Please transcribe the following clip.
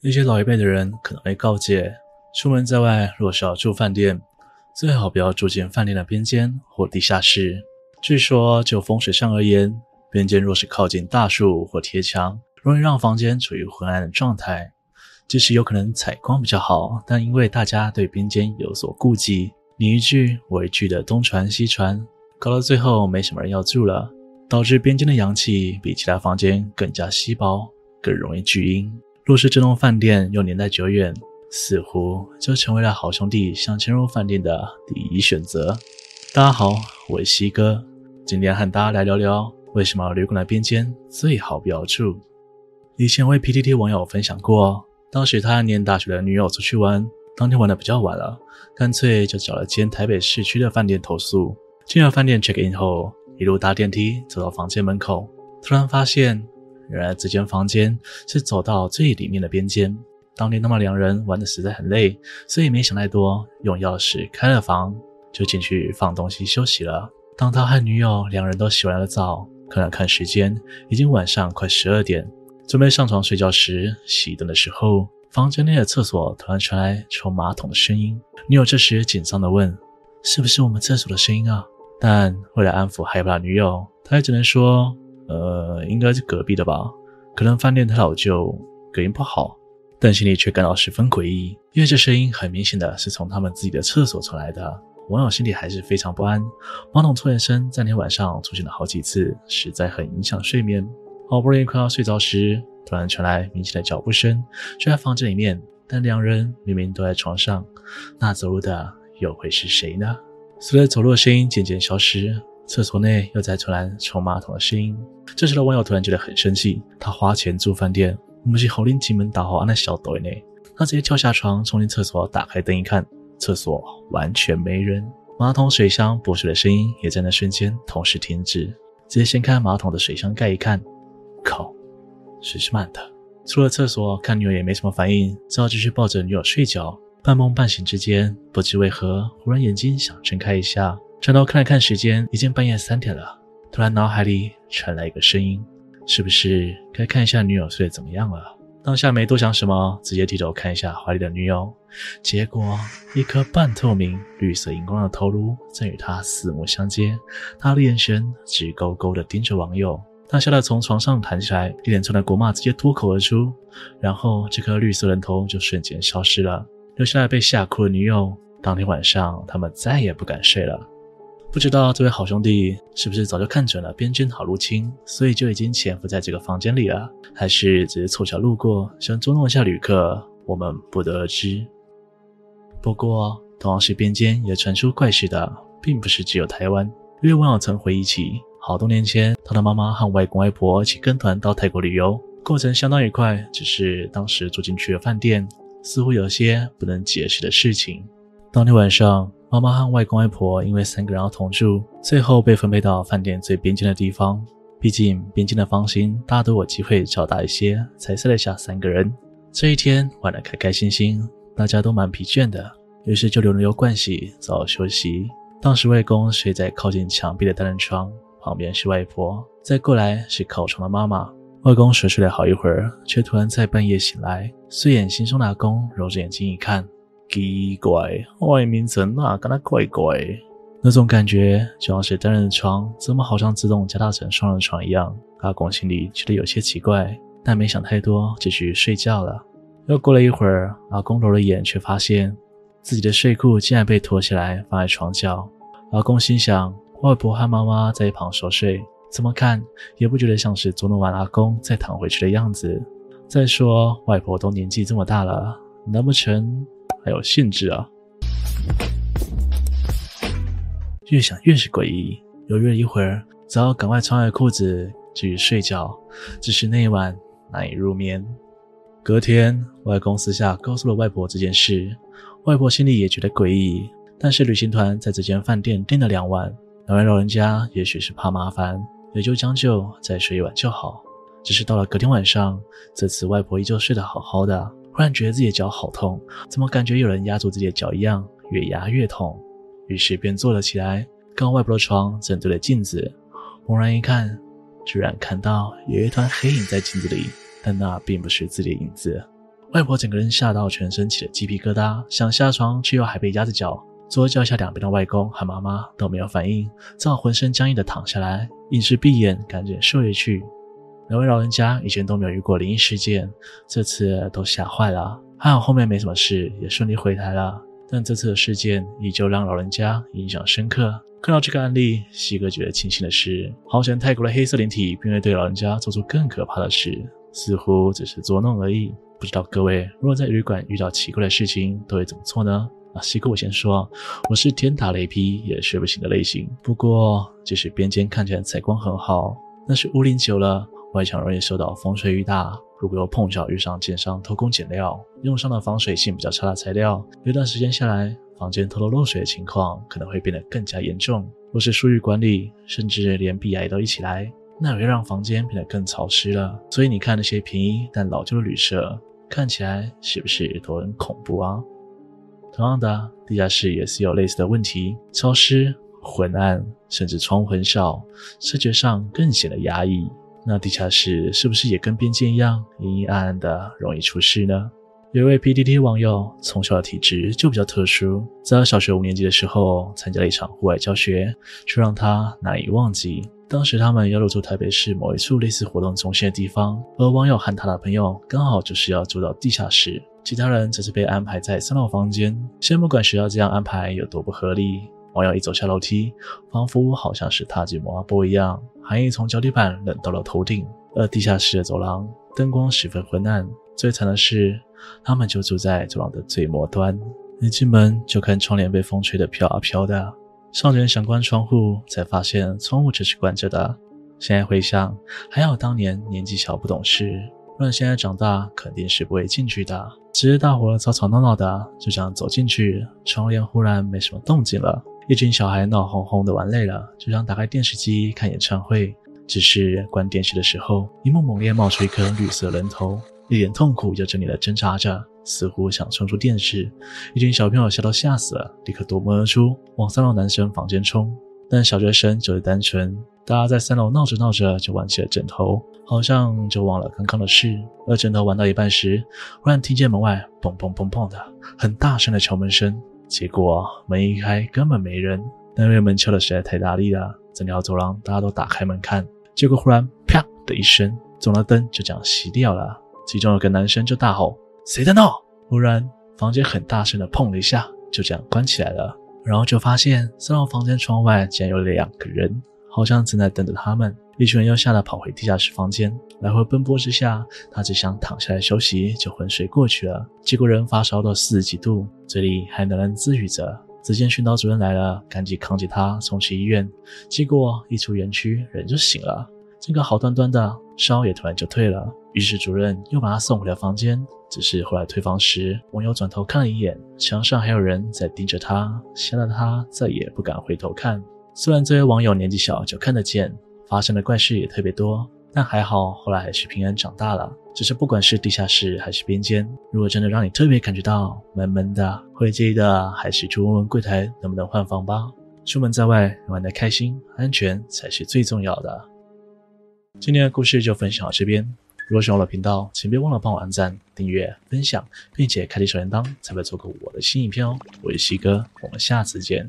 那些老一輩的人可能會告誡：出門在外，若是要住飯店，最好不要住進飯店的邊間或地下室。據說，就風水上而言，邊間若是靠近大樹或貼牆，容易讓房間處於昏暗的狀態。即使有可能採光比較好，但因為大家對邊間有所顧忌，你一句我一句的東傳西傳，搞到最後沒什麼人要住了，導致邊間的陽氣比其他房間更加稀薄，更容易聚陰。若是這棟飯店又年代久遠，似乎就成為了好兄弟想進入飯店的第一選擇。大家好，我是西哥，今天和大家來聊聊為什麼旅館的邊間最好不要住。以前為 PTT 網友分享過，當時他念大學的女友出去玩，當天玩得比較晚了，乾脆就找了間台北市區的飯店投宿。進了飯店 check in 後，一路搭電梯走到房間門口，突然發現。原來這間房間是走到最裡面的邊間。當天那麼兩人玩得實在很累，所以沒想太多，用鑰匙開了房就進去放東西休息了。當他和女友兩人都洗完了澡，看了看時間，已經晚上快十二點，準備上床睡覺時，熄燈的時候，房間內的廁所突然傳來沖馬桶的聲音。女友這時緊張地問：“是不是我們廁所的聲音啊？”但為了安撫害怕女友，他也只能說。呃，應該是隔壁的吧，可能飯店太老舊，隔音不好，但心裡卻感到十分詭異，因為這聲音很明顯的是從他們自己的廁所傳來的。網友心裡還是非常不安，馬桶突然聲在那天晚上出現了好幾次，實在很影響睡眠。好不容易快要睡着時，突然傳來明顯的腳步聲，就在房間裡面，但兩人明明都在床上，那走路的又會是誰呢？隨着走路的聲音漸漸消失。廁所內又再傳來沖馬桶的聲音，這時的網友突然覺得很生氣。他花錢住飯店，我們是猴林進門打好安的小隊呢。他直接跳下床，衝進廁所，打開燈一看，廁，廁所完全沒人，馬桶水箱補水的聲音也在那瞬間同時停止。直接掀開馬桶的水箱蓋一看，靠，水是滿的。出了廁所，看女友也沒什麼反應，只好繼續抱着女友睡覺。半夢半醒之間，不知為何，忽然眼睛想睜開一下。轉頭看了看時間，已經半夜三點了。突然，腦海裡傳來一個聲音：“是不是該看一下女友睡得怎麼樣了？”當下沒多想什麼，直接低頭看一下懷裡的女友。結果，一顆半透明、綠色熒光的頭顱正與他四目相接，他的眼神直勾勾地盯着網友。他嚇得從床上彈起來，一連串的國罵直接脫口而出。然後，這顆綠色人頭就瞬間消失了，留下來被嚇哭的女友。當天晚上，他們再也不敢睡了。不知道這位好兄弟是不是早就看準了邊間好入侵，所以就已經潛伏在這個房間裡了，還是只是湊巧路過，想捉弄一下旅客，我們不得而知。不過，同樣是邊間也傳出怪事的，並不是只有台灣。網友曾回憶起好多年前，他的媽媽和外公外婆一起跟團到泰國旅遊，過程相當愉快，只是當時住進去的飯店似乎有些不能解釋的事情。當天晚上，媽媽和外公外婆因為三個人要同住，最後被分配到飯店最邊間的地方。畢竟邊間的房型大多有機會找到一些，才塞得下三個人。這一天玩得開開心心，大家都蠻疲倦的，於是就輪流盥洗，早早休息。當時外公睡在靠近牆壁的單人床，旁邊是外婆，再過來是靠窗的媽媽。外公熟睡，睡了好一會兒，卻突然在半夜醒來，睡眼惺忪的阿公揉着眼睛一看。奇怪，外面怎麼跟他怪怪？那種感覺就像是單人的床，怎麼好像自動加大成雙人床一樣？阿公心裡覺得有些奇怪，但沒想太多，繼續睡覺了。又過了一會兒，阿公揉了眼，卻發現自己的睡褲竟然被脫起來放在床角。阿公心想：外婆和媽媽在一旁熟睡，怎麼看也不覺得像是捉弄完阿公再躺回去的樣子。再說，外婆都年紀這麼大了，難不成……還有興致啊！越想越是詭異，猶豫了一會兒，只好趕快穿好褲子繼續睡覺。只是那一晚難以入眠。隔天，外公私下告訴了外婆這件事，外婆心裡也覺得詭異。但是旅行團在這間飯店訂了兩晚，兩位老人家也許是怕麻煩，也就將就再睡一晚就好。只是到了隔天晚上，這次外婆依舊睡得好好的。突然覺得自己的腳好痛，怎麼感覺有人壓住自己的腳一樣，越壓越痛，於是便坐了起來，剛外婆的床正對着鏡子。猛然一看，居然看到有一團黑影在鏡子裡，但那並不是自己的影子。外婆整個人嚇到全身起了雞皮疙瘩，想下床卻又還被壓着腳。左腳下兩邊的外公和媽媽都沒有反應，只好渾身僵硬的躺下來，硬是閉眼趕緊睡去。兩位老人家以前都沒有遇過靈異事件，這次都嚇壞了。還、啊、好後面沒什麼事，也順利回台了。但這次的事件依舊讓老人家印象深刻。看到這個案例，西哥覺得慶幸的是，好像泰國的黑色靈體並未對老人家做出更可怕的事，似乎只是作弄而已。不知道各位如果在旅館遇到奇怪的事情，都會怎麼做呢？啊，西哥我先說，我是天打雷劈也睡不醒的類型。不過，即、就、使、是、邊間看起來採光很好，那是屋裡久了。外牆容易受到風吹雨打，如果又碰巧遇上建商偷工減料，用上了防水性比較差的材料，一段時間下來，房間偷偷漏水的情況可能會變得更加嚴重。若是疏於管理，甚至連壁癌都一起來，那也會讓房間變得更潮濕了。所以你看那些便宜但老舊的旅社，看起來是不是也都很恐怖啊？同樣的，地下室也是有類似的問題，潮濕、昏暗，甚至窗戶很少，視覺上更顯得壓抑。那地下室是不是也跟邊間一樣陰陰暗暗的，容易出事呢？有一位 PTT 網友從小的體質就比較特殊，在小學五年級的時候參加了一場戶外教學，卻讓他難以忘記。當時他們要入住台北市某一處類似活動中心的地方，而網友和他的朋友剛好就是要住到地下室，其他人則是被安排在三樓房間。先不管學校這樣安排有多不合理，網友一走下樓梯，仿佛好像是踏進魔波一樣。寒意從腳底板冷到了頭頂。而地下室的走廊燈光十分昏暗，最慘的是，他們就住在走廊的最末端。一進門就看窗簾被風吹得飄啊飄的，少年想關窗戶，才發現窗戶只是關着的。現在回想，還好當年年紀小不懂事，不然現在長大肯定是不會進去的。只是大夥吵吵鬧鬧的，就這樣走進去，窗簾忽然沒什麼動靜了。一群小孩鬧哄哄的玩累了，就想打開電視機看演唱會。只是關電視的時候，螢幕猛烈冒出一顆綠色的人頭，一臉痛苦又猙獰的掙扎着，似乎想衝出電視。一群小朋友嚇到嚇死了，立刻奪門而出，往三樓男生房間衝。但小學生就是單純，大家在三樓鬧着鬧着就玩起了枕頭，好像就忘了剛剛的事。而枕頭玩到一半時，忽然聽見門外砰砰砰砰砰的很大聲的敲門聲。結果門一開，根本沒人。但因為門敲的實在太大力了，整條走廊大家都打開門看。結果忽然啪的一聲，走廊燈就這樣熄掉了。其中有個男生就大吼：“誰在鬧？”忽然房間很大聲的碰了一下，就這樣關起來了。然後就發現三號房間窗外竟然有兩個人，好像正在等着他們。一群人又嚇得跑回地下室房間。來回奔波之下，他只想躺下來休息，就昏睡過去了。結果人發燒到四十幾度，嘴裡還喃喃自語着。只見訓導主任來了，趕緊扛起他送去醫院。結果一出園區，人就醒了，整個好端端的，燒也突然就退了。於是主任又把他送回了房間。只是後來退房時，網友轉頭看了一眼，牆上還有人在盯着他，嚇得他再也不敢回頭看。雖然這位網友年紀小，就看得見，發生的怪事也特別多。但還好，後來還是平安長大了。只是不管是地下室還是邊間，如果真的讓你特別感覺到悶悶的、會介意的，還是去問問櫃檯能不能換房吧。出門在外，玩得開心，安全才是最重要的。今天的故事就分享到這邊。如果喜歡我的頻道，請別忘了幫我按讚、訂閱、分享，並且開啟小鈴鐺，才不會錯過我的新影片哦。我是西哥，我們下次見。